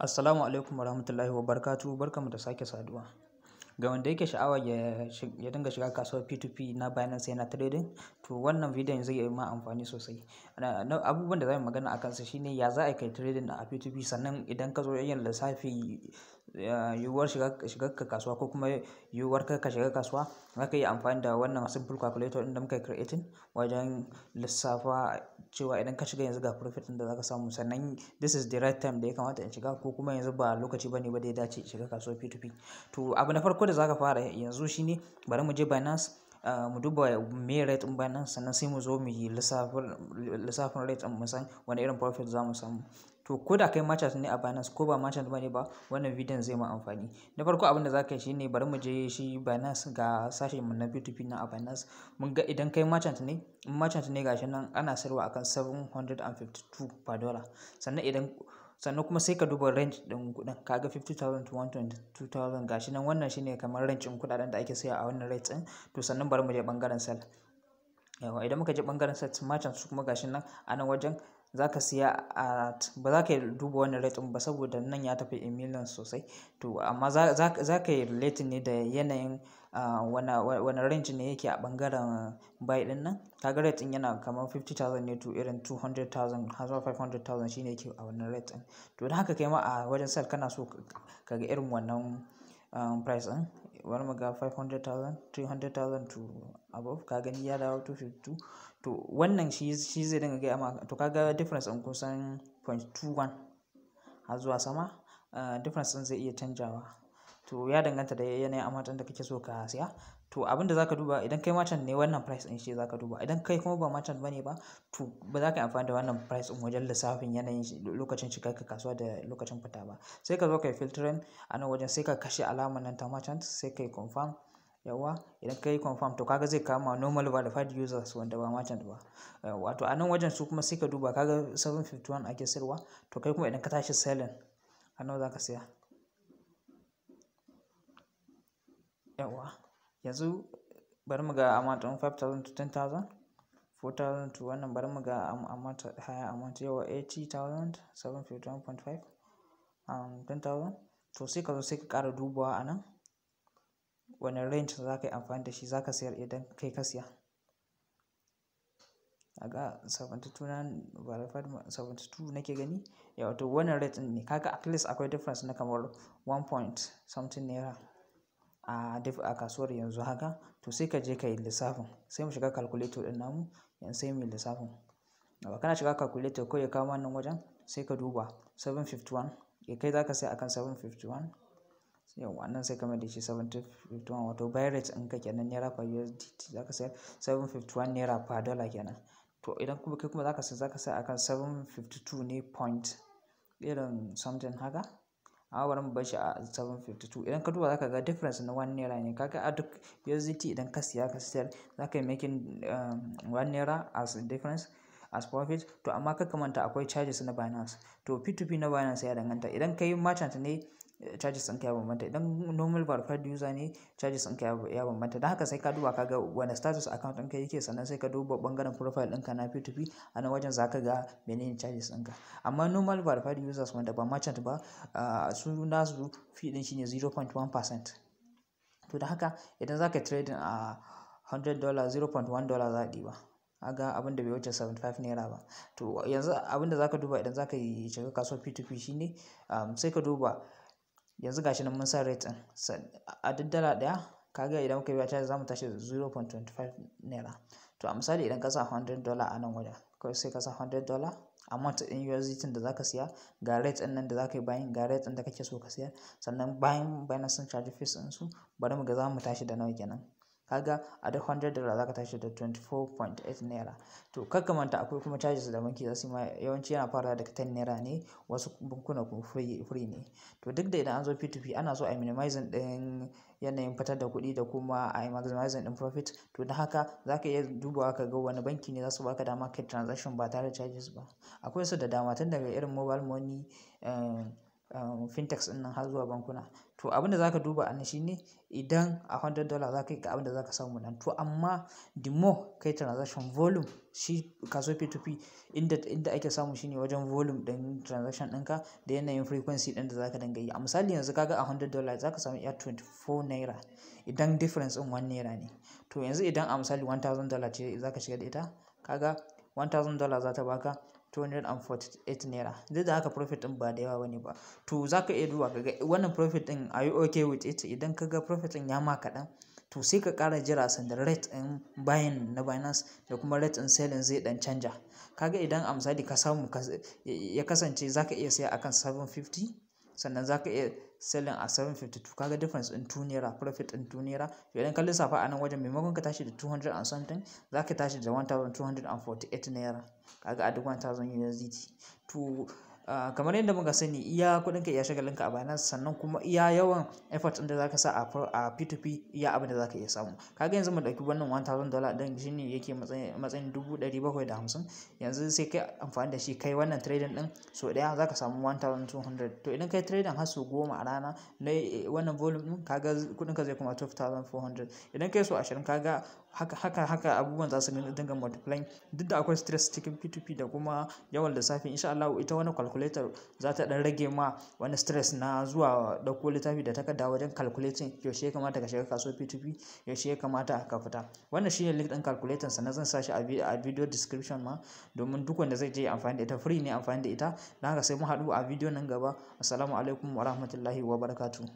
Assalamu alaikum wa barkatu barkamu da sake saduwa. Ga wanda yake sha'awa ya dinga shiga kasuwar P2P na Binance yana trading to wannan bidiyon zai yi ma amfani sosai. Abubuwan da za mu magana a kansa shine ya za a kai trading a P2P sannan idan ka zo yin lissafi yiwuwar shigar kasuwa ko kuma yiwuwar ka shiga kasuwa za ka iya amfani da wannan simple calculator ɗin da muka yi creating wajen lissafa cewa idan ka shiga yanzu ga profit ɗin da za ka samu sannan this is the right time da ya kamata in shiga ko kuma yanzu ba lokaci ba ne ba da ya dace shiga kasuwa P2P to abu na farko da za ka fara yanzu shi ne bari mu je Binance ah, mu duba me rate ɗin Binance sannan sai mu zo mu yi lissafin rate ɗin mu san wani irin profit za mu samu to ko da kai merchant ne a Binance ko ba merchant bane ba wannan bidiyon zai ma amfani na farko abin da zaka yi shine bari mu je shi Binance ga sashen mu na P2P na a Binance mun ga idan kai merchant ne in merchant ne gashi nan ana sayarwa akan 752 per dollar sannan idan sannan kuma sai ka duba range ɗin kuɗin kaga 50,000 to 122,000 gashi nan wannan shine kamar range din kudaden da ake saya a wannan rate ɗin to sannan bari mu je ɓangaren sell yawa idan muka je ɓangaren sell merchant su kuma gashi nan a nan wajen za ka siya a ba za ka duba wani rate ba saboda nan ya tafi a sosai to amma za ka yi relating ne da yanayin wani range ne yake a bangaren bai din nan kaga rate din yana kamar 50,000 ne to irin 200,000 har zuwa 500,000 shine yake a wani rate din to da haka kai ma a wajen sel kana so ka ga irin wannan um, price din wani maga 500,000 to above ka gani ya dawo 252 to wannan shi zai dinga gaya maka to kaga difference ɗin kusan 0.21 a zuwa sama eh, difference ɗin zai iya canjawa to ya danganta da yanayin amatan da kake so ka siya to abin da zaka duba idan kai merchant ne wannan price din shi zaka duba idan kai kuma ba merchant bane ba to ba za ka yi amfani da wannan price din wajen lissafin yanayin lokacin shiga ka kasuwa da lokacin fita ba sai ka zo kai filtering a nan wajen sai ka kashe alamar nan ta merchant sai kai confirm yawa idan kai confirm to kaga zai kama normal verified users wanda ba merchant ba wato a nan wajen su kuma sai ka duba kaga 751 ake sayarwa to kai kuma idan ka tashi selling a nawa za ka yawa yanzu bari mu ga amount ɗin 5000 to 10000 4000 to wannan bari mu ga amount higher amount yawa 80000 751.5 um 10000 to sai ka zo sai ka ƙara dubawa a nan wani range za ka yi amfani da shi za ka sayar idan kai ka siya aga 72 na verified 72 nake gani ya wato wannan rate ne kaga at least akwai difference na kamar 1 point something naira a a kasuwar yanzu haka to sai ka je ka yi lissafin sai mu shiga calculator din namu yanzu sai mu yi lissafin kana shiga calculator ko ya kawo nan wajen sai ka duba 751 ya kai za ka sai akan 751 sai wannan sai mai da shi 751 wato buy rate in ka kenan naira per usd za ka sai 751 naira per dollar kenan to idan kuma kai kuma za ka sai zaka sai akan 752 ne point irin something haka amma bari mu shi a 752 idan ka duba zaka ga difference na 1 naira ne kaga a duk USDT idan ka siya ka sayar zaka yi making 1 um, naira as difference as profit to amma kar ka manta akwai charges na Binance to P2P na Binance ya danganta idan kai merchant ne Eh, charges sun kaya bambanta idan normal verified user ne charges ɗinka ya bambanta don haka sai ka duba ka ga wani status account ɗinka yake sannan sai ka duba bangaren profile ɗinka na P2P a nan wajen za ka ga menene charges ɗinka amma normal verified users wanda ba merchant ba ah, su nasu fee ɗin shine 0.1% to da haka idan za ka trading a 100 dollar 0.1 za a ɗiba aga abin da bai wuce 75 naira ba to yanzu abin da zaka duba idan zaka yi shiga kasuwar p2p shine ah, sai ka duba yanzu gashi nan mun san rate din a duk dala ɗaya kaga idan muka biya charge zamu tashi 0.25 naira to a misali idan ka sa 100 dollar a nan wajen kai sai ka sa 100 dollar amount din USDT da zaka siya ga rate din nan da zaka yi bayan ga rate din da kake so ka siya sannan bayan bayan sun charge fees din su bari mu ga zamu tashi da nawa kenan kaga a duk 100 dollar zaka tashi da 24.8 naira to kaga manta akwai kuma charges da banki za su ma yawanci yana fara daga 10 naira ne wasu bankuna kuma free ne to duk da idan an zo p2p ana so a minimizing din yanayin fitar da kuɗi da kuma a maximizing din profit to da haka zaka iya dubawa ka ga wani banki ne zasu baka dama kai transaction ba tare da charges ba akwai su da dama tun daga irin mobile money eh, Um, fintechs ɗin nan har zuwa bankuna to abin da zaka duba a nan shine idan a hundred dollar zaka yi ga abin da zaka samu nan to amma the more kai transaction volume shi kaso p2p inda inda ake samu shine wajen volume ɗin transaction ɗinka da yanayin frequency ɗin da zaka dinga yi a misali yanzu kaga a hundred dollar zaka samu iya 24 naira idan difference ɗin 1 naira ne to yanzu idan a misali 1000 dollar ce zaka shiga da ita kaga 1000 dollar za ta baka 248 naira duk da haka profit din ba da yawa bane ba to ka iya duba kaga wannan profit din ayi yi okay with it idan kaga profit din ya ma kaɗan to sai ka ƙara jira sanda rate in bayan na Binance da kuma rate in selling zai ɗan canja ka ga idan a misali ya kasance zaka iya saya akan 750 sannan zaka iya selling a 752 kaga difference in 2 naira profit in 2 naira to idan ka safa a nan wajen maimakon ka tashi da 200 and something za ka tashi da 1248 naira kaga a duk 1000 USDT to Ah, kamar yadda muka sani iya kuɗin ka iya shagalin ka a Binance sannan kuma iya yawan effort ɗin da zaka sa a P2P iya abin da zaka iya samu kaga yanzu mu ɗauki wannan 1000 dollar ɗin shine yake matsayin 750 yanzu sai kai amfani da shi kai wannan trading ɗin so ɗaya zaka samu 1200 to idan kai trading har so goma a rana na eh, wannan volume ɗin kaga kuɗin ka zai kuma 12400 idan kai so 20 kaga haka haka abubuwan za su dinga multiplying duk da akwai stress cikin p2p da kuma yawan lissafi insha Allah ita wani calculator za ta dan rage ma wani stress na zuwa dauko littafi da takarda wajen calculating yaushe ya kamata ka shiga kasuwar p2p yaushe ya kamata ka fita wannan shine link din calculator sannan zan sashi a video description ma domin duk wanda zai je amfani da ita free ne amfani da ita dan haka sai mu haɗu a video nan gaba assalamu alaikum wa rahmatullahi wa